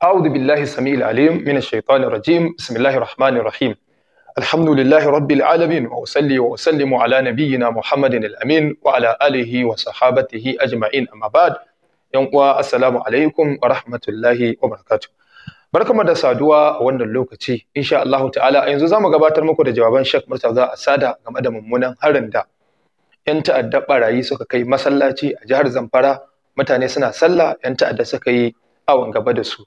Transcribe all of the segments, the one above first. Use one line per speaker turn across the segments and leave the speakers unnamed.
أعوذ بالله السميع العليم من الشيطان الرجيم بسم الله الرحمن الرحيم الحمد لله رب muhammadin وأصلي وأسلم على نبينا محمد الأمين وعلى آله وصحابته أجمعين Yan uwa, asalamu alaikum wa ورحمة wa وبركاته barkamu da saduwa a wannan lokaci insha Allah ta'ala yanzu za mu gabatar muku da jawaban Sheikh Murtaza sada game da mummunan harin da yan ta'adda barayi suka kai masallaci a jihar Zamfara mutane suna sallah yan ta'adda suka yi awon gaba da su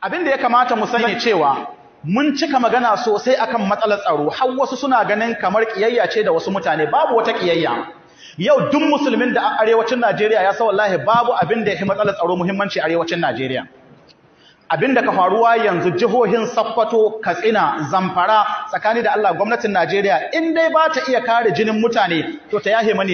abin da ya kamata mu sani cewa mun cika magana sosai akan matsalar tsaro har wasu suna ganin kamar kiyayya ce da wasu mutane babu wata ƙiyayya, yau duk musulmin da arewacin Najeriya ya san wallahi babu abin da yafi matsalar tsaro muhimmanci arewacin Najeriya abin da ka faruwa yanzu jihohin Sokoto, Katsina, Zamfara tsakani da Allah gwamnatin Najeriya in dai ba ta iya kare jinin mutane to ta yahe mu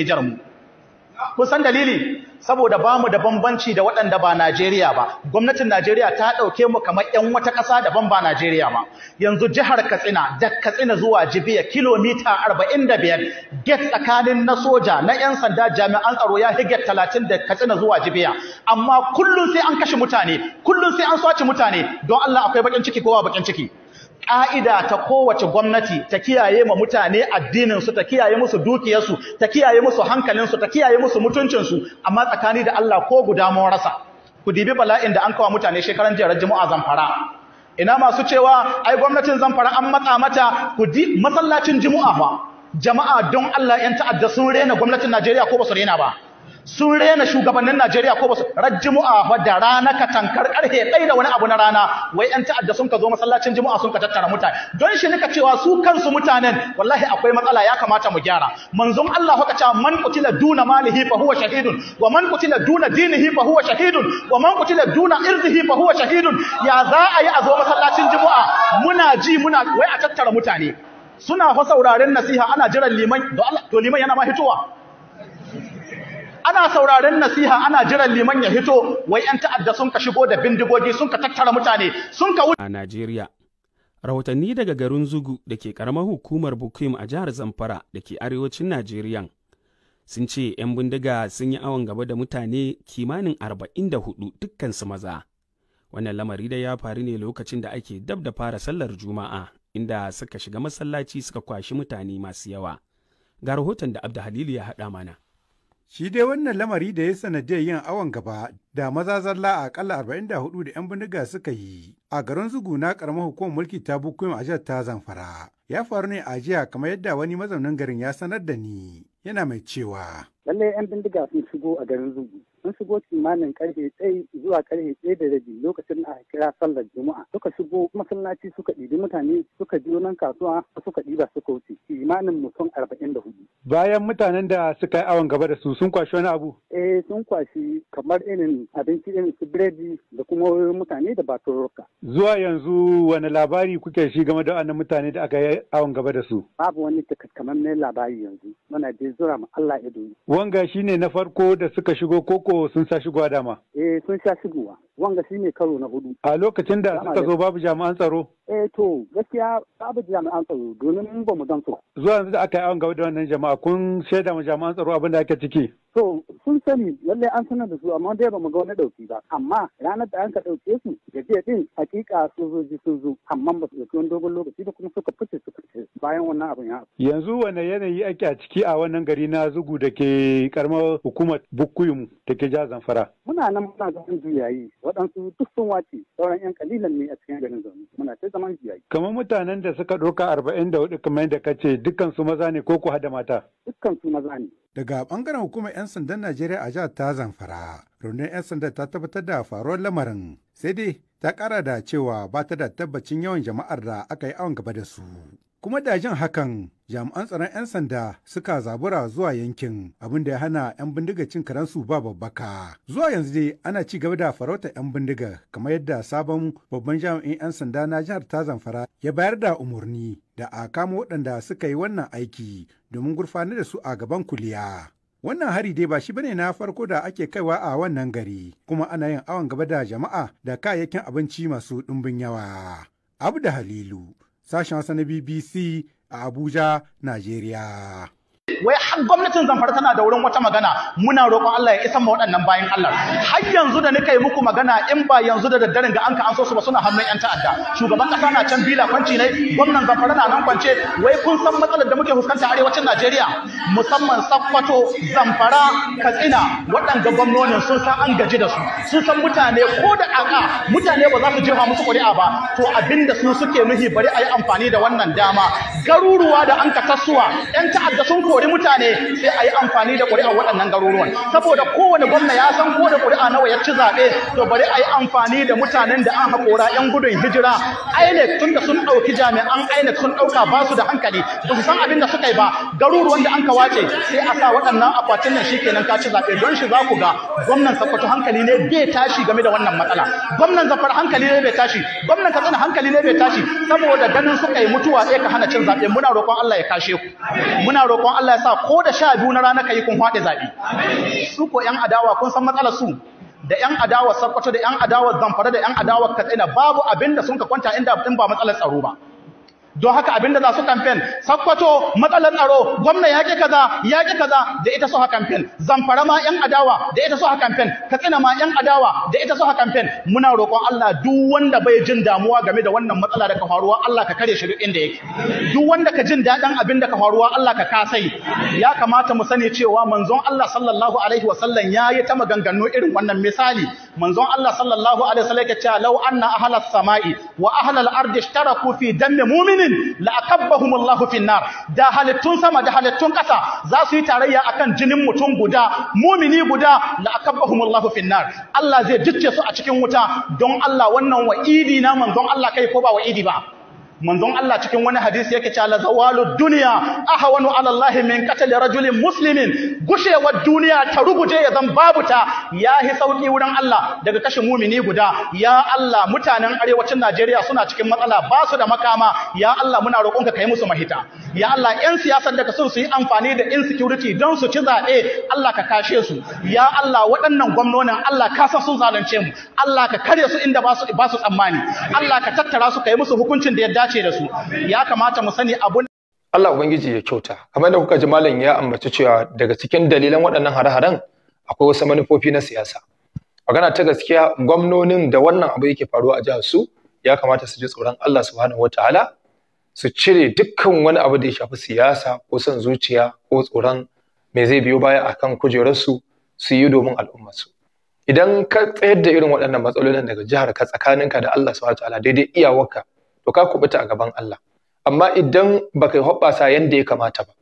kun san dalili saboda ba mu da bambanci da waɗanda ba Najeriya ba gwamnatin Najeriya ta ɗauke mu kamar 'yan wata ƙasa daban ba Najeriya ba yanzu jihar Katsina da Katsina zuwa Jibiya kilomita arba'in da biyar, get tsakanin na soja na 'yan sanda jami'an tsaro ya fi get talatin da Katsina zuwa Jibiya amma kullum sai an kashe mutane kullum sai an swace mutane don Allah akwai bakin ciki kowa bakin ciki ƙa'ida ta kowace gwamnati ta kiyaye ma mutane addininsu ta kiyaye musu dukiyarsu ta kiyaye musu hankalinsu ta kiyaye musu mutuncinsu amma tsakani da Allah ko guda mun rasa ku dibi bala'in da an kawo mutane shekaran jiyar Juma'a Zamfara ina masu cewa ai gwamnatin Zamfara an matsa mata ku di masallacin Juma'a ma jama'a don Allah 'yan ta'adda sun rena gwamnatin Najeriya ko ba su rena ba sun rena shugabannin Najeriya ko basu rajjumu'a fa da rana ka tankar karhe ɗaya da wani abu na rana wai 'yan ta'adda sun ka zo masallacin juma'a sun ka tattara mutane don shi nika cewa su kansu mutanen wallahi akwai matsala ya kamata mu gyara manzon Allah haka cewa man kutila duna malihi fa huwa shahidun wa man kutila duna dinihi fa huwa shahidun wa man kutila duna irzihi fa huwa shahidun ya za a yi a zo masallacin juma'a muna ji muna wai a tattara mutane suna fa sauraren nasiha ana jiran liman to liman yana ma hitowa ana sauraren nasiha ana jiran liman ya hito wai yan ta'adda sun ka shigo da bindigogi sun ka tattara mutane sun ka a Najeriya
rahotanni daga garin Zugu da ke karamar
hukumar Bukim a jihar Zamfara da ke arewacin Najeriya sun ce 'yan bindiga sun yi awon gaba da mutane kimanin arba'in da hudu dukkansu maza wannan lamari da ya faru ne lokacin da ake dab da fara sallar juma'a inda suka shiga masallaci suka kwashi mutane masu yawa ga rahoton da abda ya haɗa mana Shi
dai wannan lamari da ya sanadiyar yin awon gaba da maza zalla a akalla 44 da 'yan bindiga suka yi a garin zugu na karamar hukumar mulki ta bukuyin a ta zamfara. Ya faru ne a jiya kamar yadda wani mazaunin garin ya sanar da ni yana mai cewa.
Lallai 'yan bindiga sun shigo a garin zugu sun shigo kimanin karfe ɗaya zuwa karfe ɗaya da rabi lokacin da aka kira sallar juma'a suka shigo masallaci suka ɗibi mutane suka biyo nan kasuwa suka ɗiba suka wuce kimanin mutum arba'in da hudu.
bayan mutanen da suka yi awon gaba da su sun kwashi wani abu.
eh sun kwashi kamar irin abinci irin su biredi da kuma mutane da batururka.
zuwa yanzu wani labari kuke shi game da wannan mutane da aka yi awon gaba da su.
babu wani takamaiman labari yanzu muna dai zura ma Allah ido.
wanga shine na farko da suka shigo ko ko sun sa shigowa dama?
Eh sun sa shigowa. wanga shi ne karo na hudu
a lokacin da suka zo babu jami'an tsaro
eh to gaskiya babu jami'an tsaro domin mun ba mu dan so
zuwa yanzu da aka yi awon gaba da wannan jama'a kun shaida ma jami'an tsaro abin da ake ciki
to sun sani lalle an sanar da su amma dai ba mu ga wani dauki ba amma ranar da an ka dauke su ya ce din hakika sojoji sun zo amma ba su dauki wani dogon lokaci da kuma suka fice suka fice bayan wannan abin ya
yanzu wane yanayi ake a ciki a wannan gari na zugu da ke karamar hukumar bukuyum da ke jihar zamfara
muna nan muna ganin juyayi waɗansu duk sun wace sauran yan kalilan ne a cikin garin zaune muna ta zaman jiyayi.
kamar mutanen da suka ɗauka arba'in da hudu kamar yadda ka ce dukkan su maza ne ko ku hada mata. dukkan su maza ne. daga bangaren hukumar 'yan sandan najeriya a jihar ta zamfara rundunar 'yan sanda ta tabbatar da faruwar lamarin sai dai ta kara da cewa ba ta da tabbacin yawan jama'ar da aka yi awon gaba da su. kuma da jin hakan jami'an tsaron 'yan sanda suka zabura zuwa yankin abin da ya hana 'yan bindiga cin karansu ba babbaka zuwa yanzu dai ana ci gaba da farauta 'yan bindiga kamar yadda sabon babban jami'in 'yan sanda na jihar ta zamfara ya bayar da umarni da a kama waɗanda suka yi wannan aiki domin gurfanar da su a gaban kuliya wannan hari dai ba shi bane na farko da ake kaiwa a wannan gari kuma ana yin awon gaba da jama'a da kayayyakin abinci masu ɗumbin yawa abu da halilu sashen Hausa na BBC a Abuja, Najeriya.
wai har gwamnatin zamfara tana da wurin wata magana muna roƙon Allah ya isa ma waɗannan bayan Allah har yanzu da nika yi muku magana in ba yanzu da daddaren ga an ka an so su ba suna hannun yan ta'adda shugaban ƙasa na can bila kwanci ne gwamnan zamfara na nan kwance wai kun san matsalar da muke fuskanta arewacin Najeriya musamman Sokoto Zamfara Katsina waɗanda gwamnonin sun san an gaji da su sun san mutane ko da aka mutane ba za su jefa musu ƙuri'a ba to abinda su suke nuhi bari a yi amfani da wannan dama garuruwa da an ka tasuwa yan ta'adda sun kore kori mutane sai a yi amfani da a waɗannan garuruwan saboda kowane gwamna ya san ko da ƙuri'a nawa ya ci zaɓe to bari a yi amfani da mutanen da an haƙora 'yan gudun hijira INEC tun da sun ɗauki jami'an INEC sun ɗauka ba su da hankali ba su san abin da suka yi ba garuruwan da an ka wace sai a sa waɗannan akwatin nan shikenan ka ci zaɓe don shi za ku ga gwamnan sakwato hankali ne bai tashi game da wannan matsala gwamnan zafar hankali ne bai tashi gwamnan Katsina hankali ne bai tashi saboda ganin suka yi mutuwa sai ka hana cin zaɓe muna roƙon Allah ya kashe ku muna roƙon Allah ya sa ko da sha biyu na rana kai kun haɗe zaɓe su ko ‘yan adawa kun san matsalar su da ‘yan adawa sakwato da ‘yan adawar zamfara da ‘yan adawar katsina babu abin da sun ka kwanta inda in ba matsalar tsaro ba don haka da za su kamfen sakkwato matsalar tsaro gwamna yaƙi kaza yaƙi kaza da ita su ha kamfen zamfara ma yan adawa da ita su ha kamfen katsina ma yan adawa da ita su ha kamfen muna roƙon Allah duk wanda bai jin damuwa game da wannan matsala da ka faruwa Allah ka kare shi duk inda yake duk wanda ka jin daɗin abin da ka faruwa Allah ka kasai ya kamata mu sani cewa manzon Allah sallallahu alaihi wasallam ya yi ta maganganu irin wannan misali manzon Allah sallallahu alaihi wasallam yake cewa law anna ahlas samai wa ahlal ardi ishtaraku fi dammi mu'minin la akabbahum Allahu fi nar da halittun sama da halittun kasa za su yi tarayya akan jinin mutum guda mu'mini guda la akabbahum Allahu fi nar Allah zai jicce su a cikin wuta don Allah wannan wa'idi na manzon Allah kai ko ba wa'idi ba manzon Allah cikin wani hadisi yake cewa zawalu dunya ahwanu ala Allah min qatl rajulin muslimin gushewar duniya ta ruguje ya zan babu ta yahi sauki wurin Allah daga kashin mumini guda ya Allah mutanen arewacin Najeriya suna cikin matsala ba su da makama ya Allah muna roƙonka kai musu mahita ya Allah ƴan siyasan da kasu su yi amfani da insecurity don su ci zaɓe Allah ka kashe su ya Allah waɗannan gwamnonin Allah ka san sun zalunce mu Allah ka kare su inda ba su ba su tsammani Allah ka tattara su kai musu hukuncin da ya dace dace da su
ya kamata mu sani abun Allah ubangiji ya kyauta kamar da kuka ji malam ya ambaci cewa daga cikin dalilan waɗannan hare-haren akwai wasu manufofi na siyasa magana ta gaskiya gwamnonin da wannan abu yake faruwa a jihar su ya kamata su ji tsoron Allah subhanahu wataala su cire dukkan wani abu da ya shafi siyasa ko son zuciya ko tsoron me zai biyo baya akan kujerarsu su yi domin al'ummarsu idan ka tsayar da irin waɗannan matsalolin daga jihar ka tsakaninka da Allah subhanahu wataala daidai iyawarka to ka kubuta a gaban Allah amma idan baka yi hoɓɓasa yanda ya kamata ba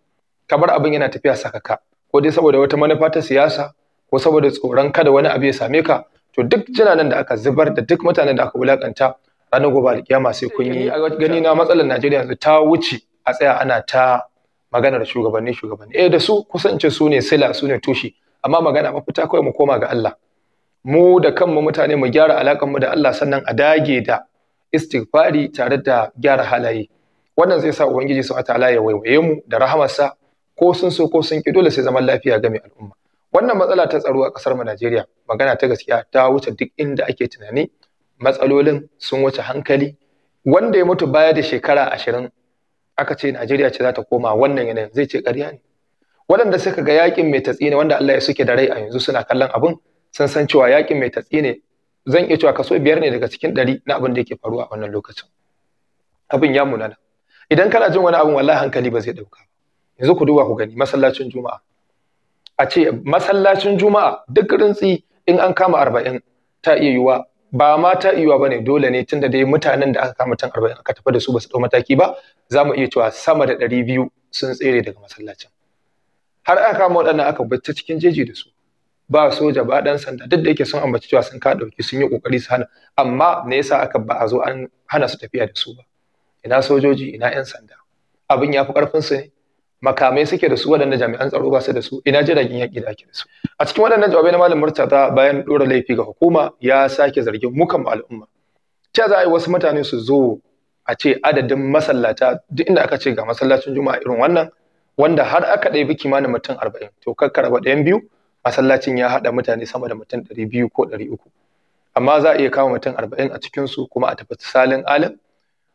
kamar abin yana tafiya sakaka ko dai saboda wata manufa ta siyasa ko saboda tsoron kada wani abu ya same ka to duk nan da aka zubar da duk mutanen da aka wulakanta ranar gobe alkiyama sai kun yi gani na matsalar Najeriya yanzu ta wuce a tsaya ana ta maganar shugabanni shugabanni eh da su kusance su ne sila su ne tushe amma magana mafita kawai mu koma ga Allah mu da kanmu mutane mu gyara alakan mu da Allah sannan a dage da istighfari tare da gyara halaye wannan zai sa ubangiji subhanahu ta'ala ya waiwaye mu da rahamarsa ko sun so ko sun ki dole sai zaman lafiya ga mai al'umma wannan matsala ta tsaro a kasar mu Najeriya magana ta gaskiya ta wuce duk inda ake tunani matsalolin sun wuce hankali wanda ya mutu baya da shekara ashirin aka ce Najeriya ce za ta koma wannan yanayin zai ce ƙarya ne waɗanda suka ga yaƙin mai tatsi ne wanda Allah ya suke da rai a yanzu suna kallon abin sun san cewa yakin mai tatsi ne zan iya cewa kaso biyar ne daga cikin ɗari na abin da yake faruwa a wannan lokacin abin ya munana idan kana jin wani abin wallahi hankali ba zai ɗauka yanzu ku duba ku gani masallacin juma'a a ce masallacin juma'a duk rintsi in an kama arba'in ta iya yiwuwa ba ma ta iya ba ne dole ne tunda dai mutanen da aka kama can arba'in aka tafi da su ba su ɗau mataki ba za mu iya cewa sama da ɗari biyu sun tsere daga masallacin har aka kama waɗannan aka bar ta cikin jeji da su ba soja ba dan sanda duk da yake sun ambaci cewa sun ka dauki sun yi kokari su hana amma me yasa aka ba a zo an hana su tafiya da su ba ina sojoji ina yan sanda abin ya fi karfin su ne makamai suke da su waɗanda jami'an tsaro ba su da su ina jiragen yaƙi da ake da su a cikin waɗannan jawabai na malam murtaza bayan ɗora laifi ga hukuma ya sake zargin mukan al'umma cewa za a yi wasu mutane su zo a ce adadin masallata duk inda aka ce ga masallacin juma'a irin wannan wanda har aka biki kimanin mutum arba'in to kakkara ba ɗayan biyu masallacin ya haɗa mutane sama da mutum ɗari biyu ko ɗari uku amma za a iya kama mutum arba'in a cikinsu kuma a tafi salin alim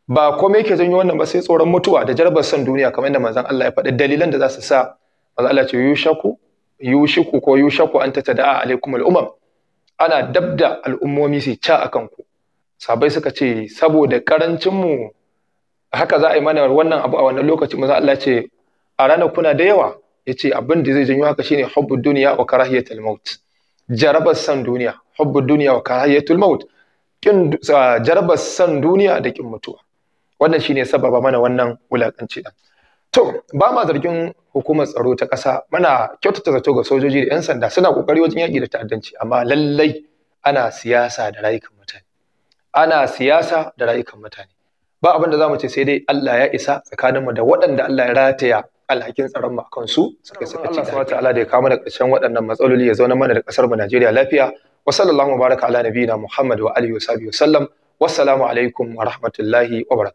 ba komai yake janyo wannan ba sai tsoron mutuwa da jarabar son duniya kamar yadda manzon Allah ya faɗi dalilan da za su sa manzon Allah ce yushaku yushiku ko yushaku an tatada'a alaikum al'umam ana dabda al'ummomi su ca akan ku sabai suka ce saboda karancin mu haka za a yi mana wannan abu a wannan lokaci manzon Allah ce a ranar kuna da yawa yace abin da zai janyo haka shine hubbud dunya wa karahiyatul maut jarabar san duniya hubbud dunya wa karahiyatul maut kin jarabar san duniya da kin mutuwa wannan shine sababa mana wannan wulakanci da. to ba ma zargin hukumar tsaro ta ƙasa muna kyautata zato ga sojoji da 'yan sanda suna kokari wajen yaƙi da ta'addanci amma lallai ana siyasa da rayukan mutane ana siyasa da rayukan mutane ba abin da mu ce sai dai Allah ya isa tsakaninmu da waɗanda Allah ya rataya alhakin tsaron mu akan su suka saka ci Allah ta'ala da ya kawo mana ƙarshen waɗannan matsaloli ya zauna mana da ƙasar mu Najeriya lafiya wa sallallahu baraka ala nabiyina Muhammad wa alihi wa sahbihi wa sallam wassalamu alaikum wa rahmatullahi wa barakatuh